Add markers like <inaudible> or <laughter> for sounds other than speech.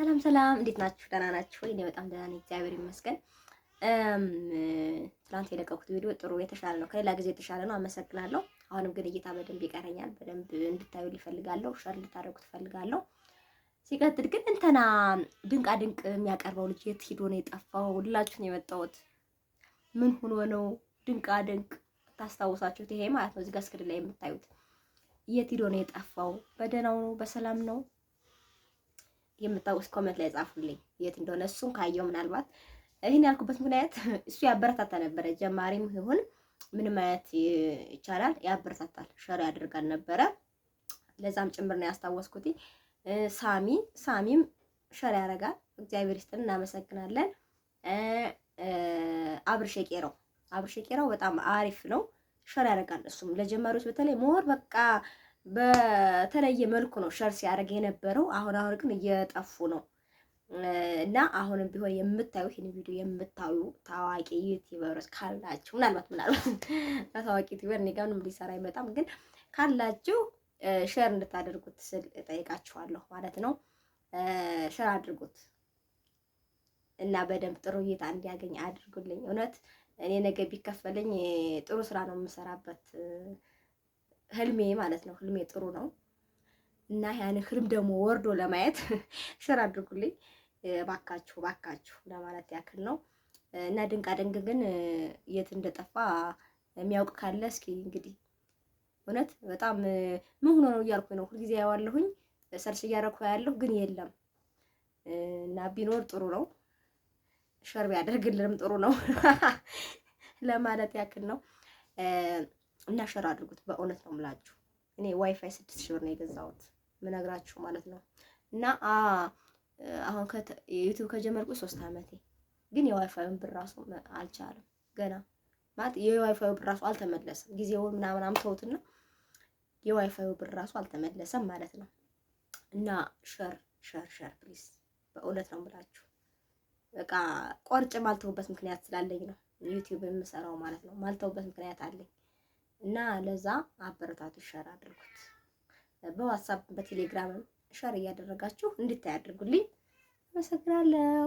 ሰላም ሰላም፣ እንዴት ናችሁ? ደህና ናችሁ ወይ? እኔ በጣም ደህና ነኝ፣ እግዚአብሔር ይመስገን። ትናንት የለቀኩት ቪዲዮ ጥሩ የተሻለ ነው፣ ከሌላ ጊዜ የተሻለ ነው። አመሰግናለሁ። አሁንም ግን እይታ በደንብ ይቀረኛል። በደንብ እንድታዩ ይፈልጋለሁ፣ ሸር እንድታደርጉ ትፈልጋለሁ። ሲቀጥል ግን እንተና ድንቃ ድንቅ የሚያቀርበው ልጅ የት ሂዶ ነው የጠፋው? ሁላችሁን የመጣሁት ምን ሆኖ ነው? ድንቃ ድንቅ ታስታውሳችሁት፣ ይሄ ማለት ነው እዚህ ጋር ስክሪን ላይ የምታዩት የት ሂዶ ነው የጠፋው? በደህናው ነው? በሰላም ነው? የምታውቁት ኮመንት ላይ ጻፉልኝ የት እንደሆነ። እሱን ካየው ምናልባት ይህን ያልኩበት ምክንያት <laughs> እሱ ያበረታታ ነበረ። ጀማሪም ይሁን ምንም አይነት ይቻላል፣ ያበረታታል፣ ሸር ያደርጋል ነበረ። ለዛም ጭምር ነው ያስታወስኩት። ሳሚ ሳሚም ሸር ያደርጋል። እግዚአብሔር ይስጥን፣ እናመሰግናለን። አብር ሸቄረው አብር ሸቄረው በጣም አሪፍ ነው፣ ሸር ያደርጋል። እሱም ለጀማሪዎች በተለይ ሞር በቃ በተለየ መልኩ ነው ሸር ሲያደርግ የነበረው። አሁን አሁን ግን እየጠፉ ነው እና አሁንም ቢሆን የምታዩ ይህን ቪዲዮ የምታዩ ታዋቂ ዩቲዩበሮች ካላችሁ ምናልባት ምናልባት ታዋቂ ዩቲዩበር እኔ ጋር ምንም ሊሰራ አይመጣም፣ ግን ካላችሁ ሸር እንድታደርጉት ስል ጠይቃችኋለሁ ማለት ነው። ሸር አድርጉት እና በደንብ ጥሩ እይታ እንዲያገኝ አድርጉልኝ። እውነት እኔ ነገ ቢከፈለኝ ጥሩ ስራ ነው የምሰራበት። ህልሜ ማለት ነው። ህልሜ ጥሩ ነው እና ያን ህልም ደግሞ ወርዶ ለማየት ሸር <laughs> አድርጉልኝ ባካችሁ ባካችሁ ለማለት ያክል ነው። እና ድንቃ ድንቅ ግን የት እንደጠፋ የሚያውቅ ካለ እስኪ እንግዲህ እውነት በጣም ምን ሆኖ ነው እያልኩ ነው። ሁልጊዜ ያዋለሁኝ ሰርች እያደረኩ ያለሁ ግን የለም እና ቢኖር ጥሩ ነው። ሸርብ ቢያደርግልንም ጥሩ ነው <laughs> ለማለት ያክል ነው። እና ሸር አድርጉት። በእውነት ነው የምላችሁ እኔ ዋይፋይ ስድስት ሺህ ብር ነው የገዛሁት ምነግራችሁ ማለት ነው። እና አሁን ዩቲዩብ ከጀመርኩ ሶስት አመቴ ግን የዋይፋዩን ብር ራሱ አልቻለም ገና ማለት የዋይፋዩ ብር ራሱ አልተመለሰም። ጊዜውን ምናምን አምተውትና የዋይፋዩ ብር ራሱ አልተመለሰም ማለት ነው። እና ሸር ሸር ሸር ፕሊስ በእውነት ነው የምላችሁ በቃ ቆርጭ ማልተውበት ምክንያት ስላለኝ ነው ዩቲዩብ የምሰራው ማለት ነው። ማልተውበት ምክንያት አለኝ። እና ለዛ አበረታቱ ሸር አድርጉት። በዋትሳፕ በቴሌግራም ሸር እያደረጋችሁ እንድታይ አድርጉልኝ። አመሰግናለሁ።